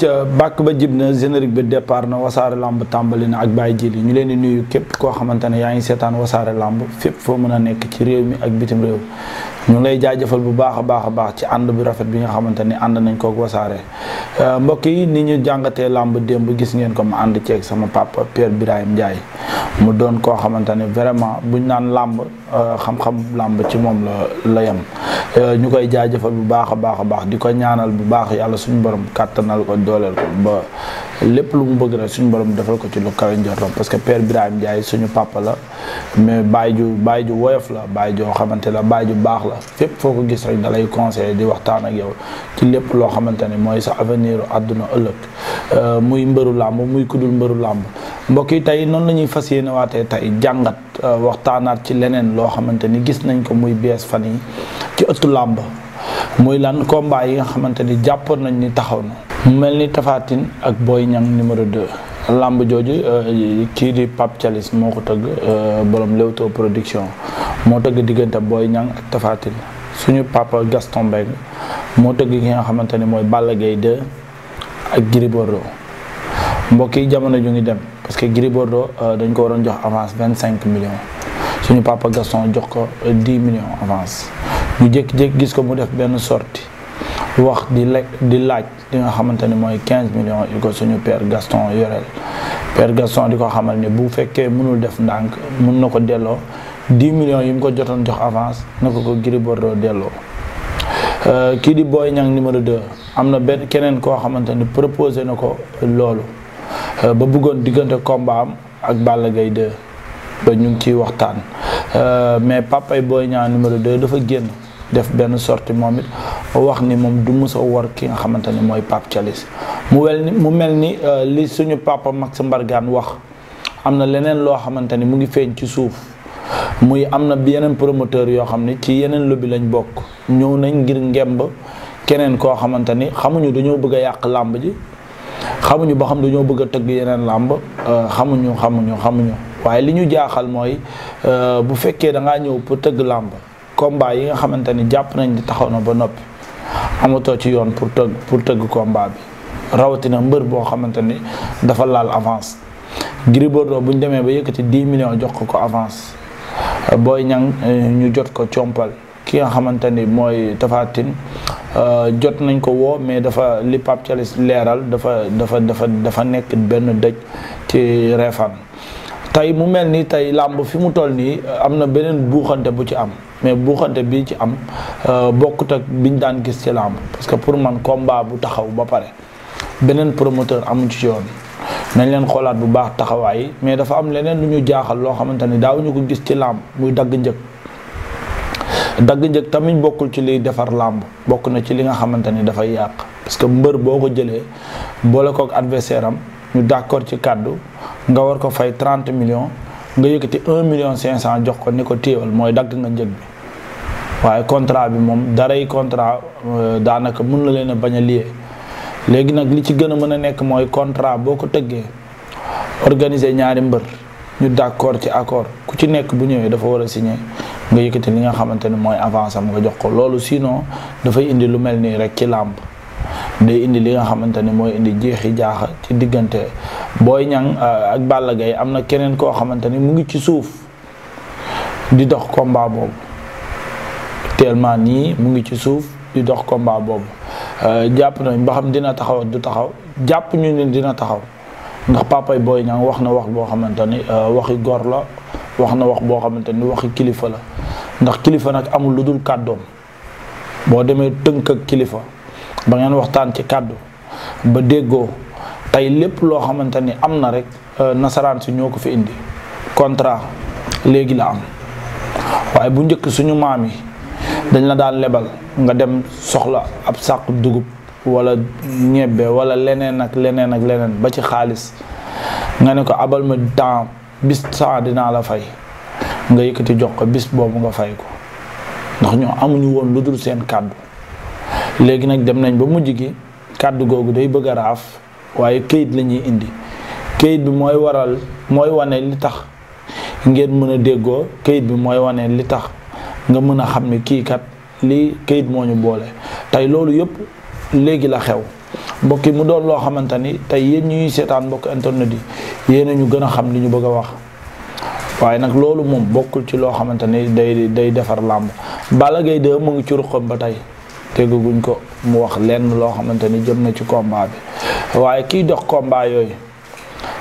ca bàkk ba jib na générique bi départ na wasaare lamb tàmbali na ak bàyyi yi ñu leen di nuyu képp koo xamante ne yaa ngi seetaan wasaare lamb fépp foo mën a nekk ci réew mi ak bitim réew ñu ngi lay jaajëfal bu baax a baax a baax ci ànd bu rafet bi nga xamante ni ànd nañ kook wasaare euh, mbokk yi ni ñu jàngatee làmb démb gis ngeen ko ma ànd ceeg sama papa Pierre Birahim Ndiaye mu doon koo xamante ne vraiment buñ naan làmb euh, xam-xam làmb ci moom la la yem Euh, ñu koy jaajëfal bu baax a baax a baax di ko ñaanal bu baax yàlla suñu borom kàttanal ko dooleel ko ba lépp lu mu bëgg rek suñu borom defal ko ci lu kawe njortam parce que père Birahim Ndiaye suñu papa la mais baay ju baay ju woyof la baay joo xamante la baay ju baax la fépp foo ko gis rek da lay conseillé di waxtaan ak yow ci lépp loo xamante ne mooy sa avenir àdduna ëllëg euh, muy mbëru làmb muy kudul mbëru làmb mbokk yi tey noonu la ñuy fas yéene waatee tey jàngat euh, waxtaanaat ci leneen loo xamante ni gis nañ ko muy bees fan yi ci ëttu làmb muy lan combat yi nga xamante ni jàppoon nañ ni taxaw na mu mel ni Tapha Tine ak Boy Niang numéro 2 làmb jooju euh, kii di Pape Thialis moo ko tëgg euh, borom Leewtoo production moo tëgg diggante Boy Niang ak Tapha Tine suñu papa Gaston Mbengue moo tëgg ki nga xamante ni mooy Balla Gaye 2 ak Gris Bordeaux mbokk yi jamono ju ngi dem parce que Gris Bordeaux euh, dañ ko waroon jox avance vingt cinq millions suñu papa Gaston jox ko dix millions avance mu jékki-jékki gis ko mu def benn sortie wax di lekk di laaj li nga xamante ni mooy 15 millions yu ko suñu père Gaston yoreel père Gaston di ko xamal ni bu fekkee mënul def ndànk mun na ko delloo 10 millions yi mu ko jotoon jox avance na ko ko Gris Bordeaux delloo. Euh, kii di Boy Niang numéro 2 am na benn keneen koo xamante ni proposé na ko loolu euh, ba bëggoon diggante kombaam ak Balla Gaye 2 ba ñu ngi ciy waxtaan euh, mais papay Boy Niang numéro 2 dafa génn. def benn sortie moom it wax ni moom du musa war ki nga xamante ni mooy Pape mu wel ni mu mel ni euh, li suñu papa Max Mbargane wax am na leneen loo xamante ni mu ngi feeñ ci suuf muy am na yeneen promoteur yoo xam ne ci yeneen lobby lañ bokk ñëw nañ ngir ngemb keneen koo xamante ni xamuñu dañoo bëgg a yàq làmb ji xamuñu ba xam dañoo bëgg a tëgg yeneen làmb euh, xamuñu xamuñu xamuñu waaye li ñu jaaxal mooy euh, bu fekkee dangaa ñëw pour tëgg làmb combat yi nga xamante ni jàpp nañ di taxaw na ba noppi amatoo ci yoon pour tëgg pour tëgg combat bi rawatina mbër boo xamante ni dafa laal avance Gris Bordeaux bu demee ba yëkkati 10 millions jox ko ko avance Boy Niang eh, ñu jot ko compal ki nga xamante ni mooy Tapha Tine eh, jot nañ ko woo mais dafa li Pape leeral dafa dafa dafa dafa nekk benn dëj ci reefan tey mu mel ni tey làmb fi mu toll nii eh, am na beneen buuxante bu ci am mais buuxante bi ci am euh, bokkut ak biñ daan gis ci làmb parce que pour man kombaa bu taxaw ba pare beneen promoteur amu ci yoon nañ leen xoolaat bu baax taxawaay yi mais dafa am leneen lu ñu jaaxal loo xamante ni daawuñu ko gis ci làmb muy dagg njëg dagg njëg tamit bokkul ci liy defar làmb bokk na ci li nga xamante ni dafay yàq parce que mbër boo ko jëlee boole kook adversaire am ñu d'accord ci kàddu nga war ko fay 30 million nga yëkkati un million cinq cent jox ko ni ko téewal mooy dagg nga njëg bi waaye contrat bi moom daray contrat euh, daanaka mun la leen a bañ a lié léegi nag li ci gën a mën a nekk mooy contrat boo ko tëggee organiser ñaari mbër ñu d'accord ci accord ku ci nekk bu ñëwee dafa war a signer nga yëkkati li nga xamante ne mooy avance am nga jox ko loolu sinon dafay indi lu mel nii rek ci làmb day indi li nga xamante ne mooy indi jeexi jaaxa ci diggante booy Niang euh, ak Balla Gaye am na keneen koo xamante ni mu ngi ci suuf di dox combat boobu tellement nii mu ngi ci suuf di dox combat boobu euh, jàpp nañ ba xam dina taxaw du taxaw jàpp ñu ne dina taxaw ndax papay booy Niang wax na wax boo xamante ni euh, waxi gor la wax na wax boo xamante ni waxi kilifa la ndax kilifa nag amul lu dul kàddoom boo demee tënk ak kilifa ba ngeen waxtaan ci kàddu ba déggoo tey lépp loo xamante ni am na rek euh, nasaraan si ñoo ko fi indi contrat léegi la am waaye bu njëkk suñu maam yi dañ la daan lebal nga dem soxla ab sàq dugub wala ñebbe wala leneen ak leneen ak leneen ba ci xaalis nga ne ko abal ma temps bis temps dinaa la fay nga yëkkati jox ko bis boobu nga fay ko ndax ñoo amuñu woon lu dul seen kàddu léegi nag dem nañ ba mujj gi kàddu googu day bëgg a raaf waaye kayit lañuy indi kayit bi mooy waral mooy wane li tax ngeen mën a déggoo kayit bi mooy wane li tax nga mën a xam ne kii kat lii këyit moo ñu boole tey loolu yëpp léegi la xew mbokk yi mu doon loo xamante ni tey yéen ñuy seetaan mbokk internet yi yéen a ñu gën a xam li ñu bëgg a wax waaye nag loolu moom bokkul ci loo xamante ni day day defar làmb Balla Gaye 2 mu ngi ci ruqam ba tey dégguñ ko mu wax lenn loo xamante ni jëm na ci combat bi waaye kiy dox combat yooyu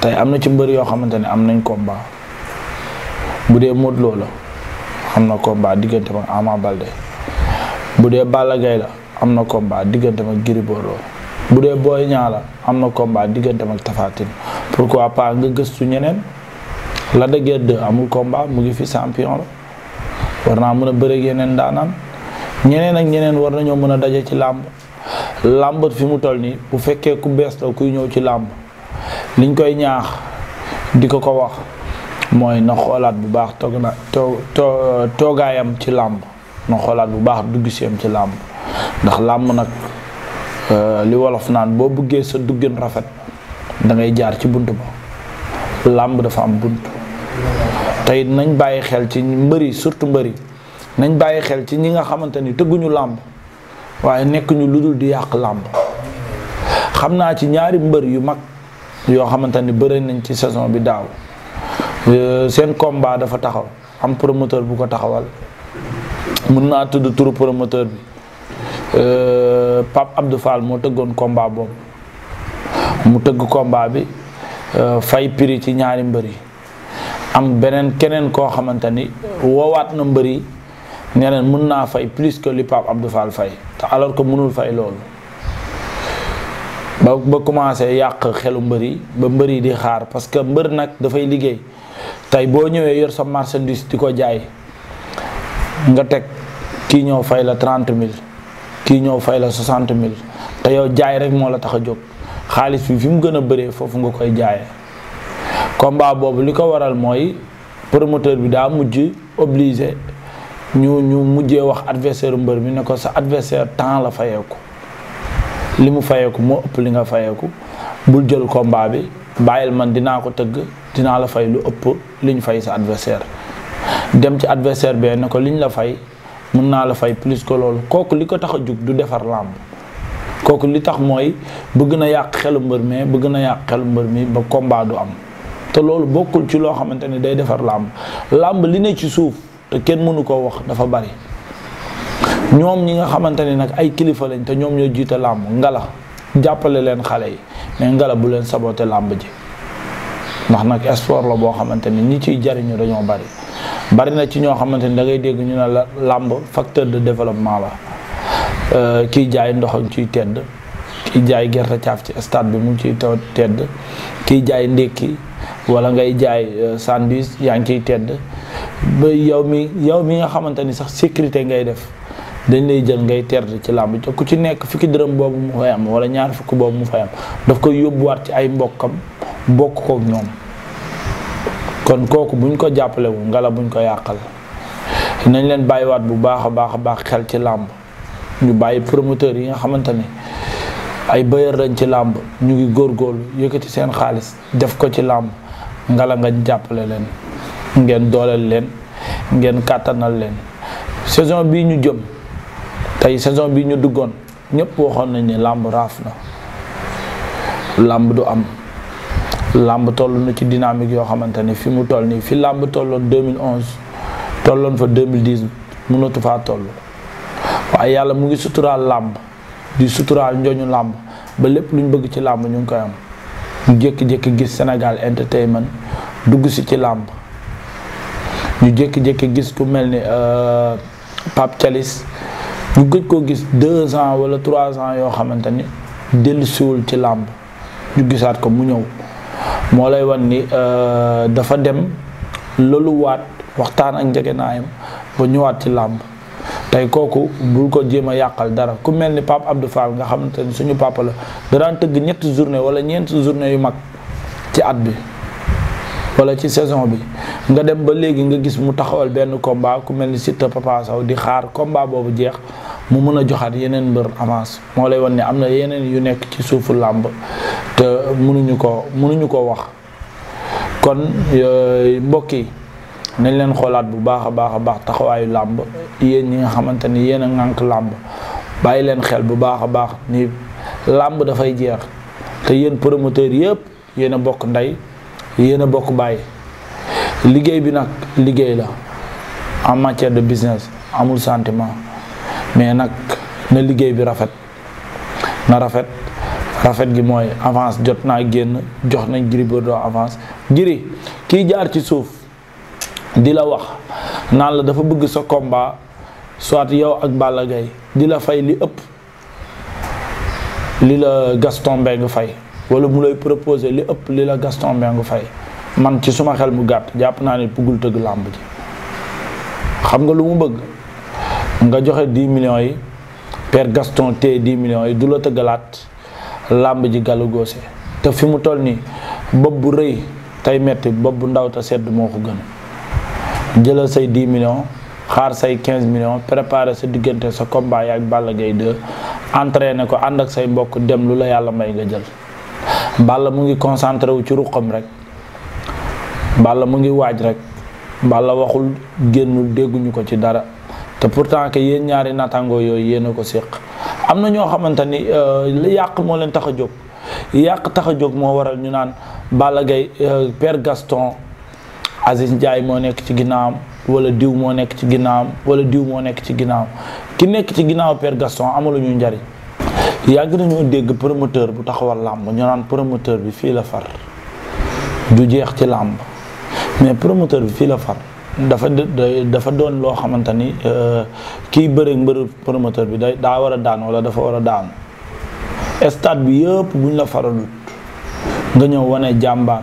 tey am na ci mbër yoo xamante ne am nañ combat bu dee Modou la am na combat diggante mag Ama Baldé bu dee Balla Gaye la am na combat diggante mag Gris Bordeaux bu dee Boy la am na combat diggante mag Tapha Tine pourquoi pas nga gëstu ñeneen la de guerre de amul combat mu ngi fi champion la war naa mën a bëre yeneen daanaan ñeneen ak ñeneen war nañoo mën a daje ci làmb làmb fi mu toll nii bu fekkee ku bees la kuy ñëw ci làmb liñ koy ñaax di ko ko wax mooy na xoolaat bu baax toog na too toogaayam ci làmb na xoolaat bu baax duggiseem ci làmb ndax làmb nag euh, li wolof naan boo bëggee sa duggin rafet dangay jaar ci bunt ba làmb dafa am bunt tey nañ bàyyi xel ci mbëri surtout mbëri nañ bàyyi xel ci ñi nga xamante ni tëgguñu làmb waaye nekk ñu lu dul di yàq làmb xam naa ci ñaari mbër yu mag yoo xamante ni bëri nañ ci saison bi daaw euh, seen combat dafa taxaw am promoteur bu ko taxawal mun naa tudd turu promoteur bi euh, Pape Abdou Fall moo tëggoon combat boobu mu tëgg combat bi euh, fay prix ci ñaari mbër yi am beneen keneen koo xamante ni woowaat na mbër yi ne mun naa fay plus que li Pape Abdou Fall fay alors que mënul fay loolu ba ba commencé yàq xelu mbër yi ba mbër yi di xaar parce que mbër nag dafay liggéey tey boo ñëwee yor sa marchandise di ko jaay nga teg kii ñëw fay la trente mille kii ñëw fay la soixante mille te yow jaay rek moo la tax a jóg xaalis bi fi mu gën a bëree foofu nga koy jaayee combat boobu li ko waral mooy promoteur bi daa mujj oblise ñu ñu mujjee wax adversaire mbër mi ne ko sa adversaire temps la fayeeku li mu fayeeku moo ëpp li nga fayeeku bul jël combat bi bàyyil man dinaa ko tëgg dinaa la fay lu ëpp li ñu fay sa adversaire dem ci adversaire bee ne ko liñ la fay mën naa la fay plus ko loolu kooku li ko tax a jug du defar làmb kooku li tax mooy bëgg na yàq xelu mbër mi bëgg na yàq xelu mbër mi ba komba du am te loolu bokkul ci loo xamante ni day defar làmb làmb li ne ci suuf kenn mënu koo wax dafa bari ñoom ñi nga xamante ni nag ay kilifa lañ te ñoom ñoo jiite làmb ngala jàppale leen xale yi mais ngala bu leen saboté làmb ji ndax nag sport la boo xamante ni ñi ciy jariñu dañoo bari bari na ci ñoo xamante ni da dégg ñu ne la làmb facteur de développement la euh, kiy jaay ndox ak ciy tedd kiy jaay gerte caaf ci stade bi mu ngi ciy tedd kiy jaay ndékki wala ngay jaay euh, sandwich yaa ngi ciy tedd ba yow mi yow mi nga xamante ni sax sécurité ngay def dañ lay jël ngay terd ci làmb te ku ci nekk fukki dërëm boobu mu fay am wala ñaari fukki boobu mu fay am daf koy yóbbuwaat ci ay mbokkam bokk kook ñoom kon kooku buñ ko jàppalewul ngala buñ ko yàqal nañ leen bàyyiwaat bu baax a baax a baax xel ci làmb ñu bàyyi promoteur yi nga xamante ni ay bëyër lañ ci làmb ñu ngi góor góorgóorlu yëkkati seen xaalis def ko ci làmb ngala nga jàppale leen ngeen dooleel leen ngeen kàttanal leen saison bi ñu jëm tey saison bi ñu duggoon ñëpp waxoon nañ ne làmb raaf na làmb du am làmb toll na ci dynamique yoo xamante ne fi mu toll nii fi làmb tolloon 2011 tolloon fa 2010 mënatu faa toll waaye yàlla mu ngi suturaal làmb di suturaal njooñu làmb ba lépp luñ bëgg ci làmb ñu ngi koy am ñu jékki-jékki gis Sénégal entertainment dugg si ci làmb ñu jékki-jékki gis ku mel ni euh, Pape Thialis ñu gëj koo gis deux ans wala trois ans yoo xamante ni dellusiwul ci làmb ñu gisaat ko mu ñëw moo lay wan ni euh, dafa dem loluwaat waxtaan ak njegenaayam ba ñëwaat ci làmb tey kooku bul ko jéem a yàqal dara ku mel ni Pape Abdou Fall nga xamante ni suñu papa la danaan tëgg ñetti journée wala ñeenti journée yu mag ci at bi wala ci saison bi nga dem ba léegi nga gis mu taxawal benn combat ku mel ni Siteu Papa di xaar combat boobu jeex mu mën a joxaat yeneen mbër avance moo lay wan ne am na yeneen yu nekk ci suufu làmb te mënuñu ko mënuñu ko wax kon euh, mbokk yi nañ leen xoolaat bu baax a baax a baax taxawaayu làmb yéen ñi nga xamante ni yéen a làmb bàyyi leen xel bu baax a baax ni làmb dafay jeex te yéen promoteurs yëpp yéen a bokk ndey yéen a bokk bàyyi liggéey bi nag liggéey la en matière de business amul sentiment mais nag na liggéey bi rafet na rafet rafet gi mooy avance jot naa génn jox nañ Gris Bordeaux avance Gris kiy jaar ci suuf di la wax naan la dafa bëgg sa combat soit yow ak Balla Gaye di la fay li ëpp li la Gaston Mbengue fay wala mu lay proposer li ëpp li la Gaston Mbengue fay man ci suma xel mu gàtt jàpp naa ne buggul tëgg làmb ji xam nga lu mu bëgg nga joxe 10 millions yi per Gaston téye 10 millions yi du la tëggalaat làmb ji gàllu te fi mu toll nii bopp bu rëy tey metti bopp bu ndaw te sedd moo ko gën jëlal say 10 million xaar say 15 million préparer sa diggante sa combat yi ak Balla Gaye 2 ne ko ànd ak say mbokk dem lu la yàlla may nga jël Balla mu ngi concentré wu ci ruqam rek Balla mu ngi waaj rek Balla waxul génnul dégguñu ko ci dara te pourtant que yéen ñaari natango yooyu yéen a ko séq am na ñoo xamante ni euh, yàq moo leen tax a jóg yàq tax a jóg moo waral ñu naan Balla Gaye euh, Père Gaston Aziz Ndiaye moo nekk ci ginnaawam wala diw moo nekk ci ginnaawam wala diw moo nekk ci ginnaawam ki nekk ci ginnaaw Père Gaston ñu njariñ yàgg nañoo dégg promoteur bu taxawal làmb ñu naan promoteur bi fii la far du jeex ci làmb mais promoteur bi fii la far dafa dafa doon loo xamante ni euh, kiy bëreeg mbër promoteur bi day daa war a daan wala dafa war a daan stade bi yëpp buñ la faralut nga ñëw wane jàmbaar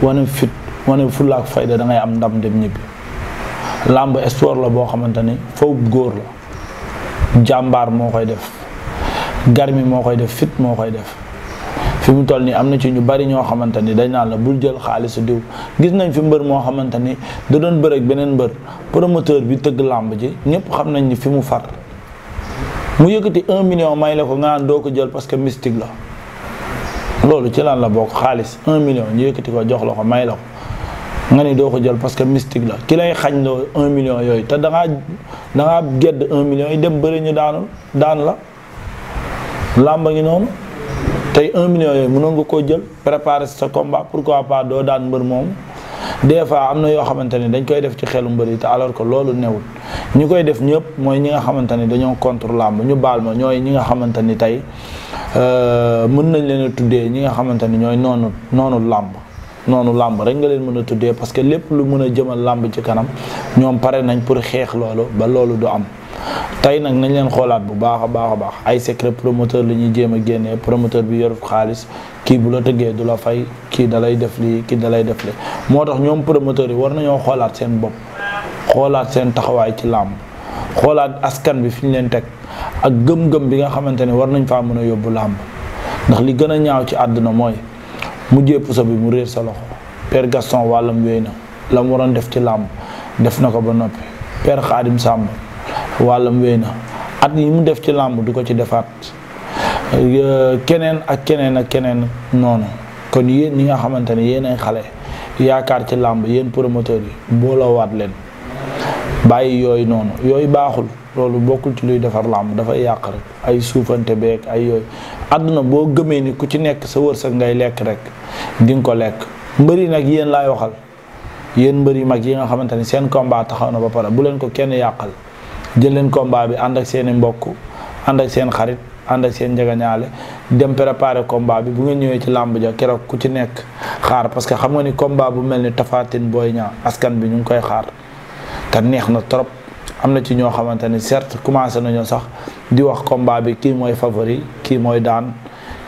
wane fit wane fulaak fayda da ngay am ndam dem ñibbi làmb sport la boo xamante ni faw góor la jàmbaar moo koy def. garmi moo koy def fit moo koy def fi mu toll nii am na ci ñu bari ñoo xamante ni dañ naan la bul jël xaalisu diw gis nañ fi mbër moo xamante ni da doon bëre ak beneen mbër promoteur bi tëgg làmb ji ñëpp xam nañ ni fi mu far mu yëkkati un million may la ko nga doo ko jël parce que mystique la loolu ci lan la bokk xaalis un million ñu ko jox la ko may la ni doo ko jël parce que mystique la ki lay xañ loo un million yooyu te dangaa dangaa gedd un million yi dem bëri ñu daanu daan la làmb ngi noonu tey un million yooyu mënoon nga koo jël préparer sa combat pourquoi pas doo daan mbër moom des fois am na yoo xamante ne dañ koy def ci xelu mbër yi te alors ko loolu newul ñi koy def ñëpp mooy ñi nga xamante ni dañoo contre làmb ñu baal ma ñooy ñi nga xamante ni tey euh, mën nañ leen a tuddee ñi nga xamante ni ñooy noonu noonu làmb noonu làmb rek nga leen mën a tuddee parce que lépp lu mën a jëmal làmb ci kanam ñoom pare nañ pour xeex loolu ba loolu du am tey nag nañu leen xoolaat bu baax a baax a baax ay secret promoteur la ñuy jéem a génnee promoteur bi yoru xaalis kii bu la tëggee du la fay kii da lay def lii kii da lay def lii moo tax ñoom promoteurs yi war nañoo xoolaat seen bopp xoolaat seen taxawaay ci làmb xoolaat askan bi fi ñu leen teg ak gëm-gëm bi nga xamante ne war nañ faa mën a yóbbu làmb ndax li gën a ñaaw ci àdduna mooy mujjee puso bi mu réer sa loxo Père Gaston wàllam wéy na la waroon def ci làmb def na ko ba noppi Père Xaadim Samb wàllam wéy na at yi mu def ci làmb du ko ci defaat keneen ak keneen ak keneen noonu kon yéen ñi nga xamante ne yéen ay xale yaakaar ci làmb yéen promoteur yi boolawaat leen bàyyi yooyu noonu yooyu baaxul loolu bokkul ci luy defar làmb dafay yàq rek ay suufante beeg ay yooyu àdduna boo gëmee ni ku ci nekk sa wërsëg ngay lekk rek di nga ko lekk mbër yi nag yéen laay waxal yéen mbëri mag yi nga xamante ne seen combat taxaw na ba pare bu leen ko kenn yàqal jël leen combat bi ànd ak seen i mbokk ànd ak seen xarit ànd ak seen njagañaale dem préparer combat bi bu ngeen ñëwee ci làmb ja keroog ku ci nekk xaar parce que xam nga ni combat bu mel ni Tapha booy Boy askan bi ñu ngi koy xaar te neex na trop am na ci ñoo xamante ni certes commencé nañoo sax di wax combat bi kii mooy favori kii mooy daan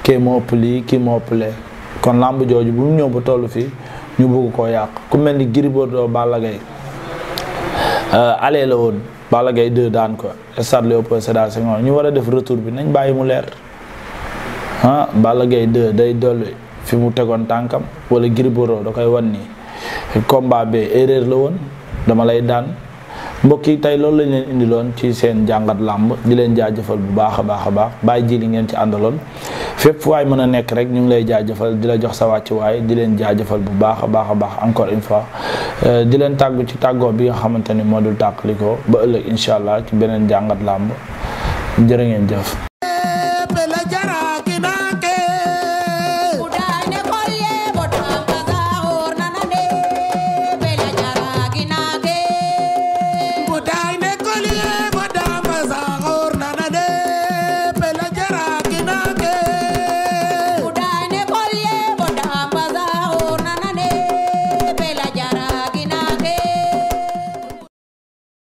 kii moo lii kii moo ëpp lee kon làmb jooju bu mu ñëw bu toll fii ñu bëgg koo yàq ku mel ni Gris Bordeaux Balla Gaye euh, ale Balla gay 2 daan ko stade Léopold Sédar Senghor ñu war a def retour bi nañ bàyyi mu leer ah gay Gaye day dolli fi mu tegoon tànkam wala Gris Bordeaux da koy wan nii combat bi erreur la woon dama lay daan mbokk yi tey loolu lañ leen indiloon ci seen jàngat làmb di leen jaajëfal bu baax a baax a baax bàyyi ji li ngeen ci àndaloon. fépp waay mën a nekk rek ñu ngi lay jëfal di la jox sa wàccuwaay di leen jaajëfal bu baax a baax a baax encore une fois euh, di leen tàggu ci tàggoo bi nga xamante ni moo dul tàqalikoo ba ëllëg incha allah ci beneen jàngat làmb jërë ngeen jëf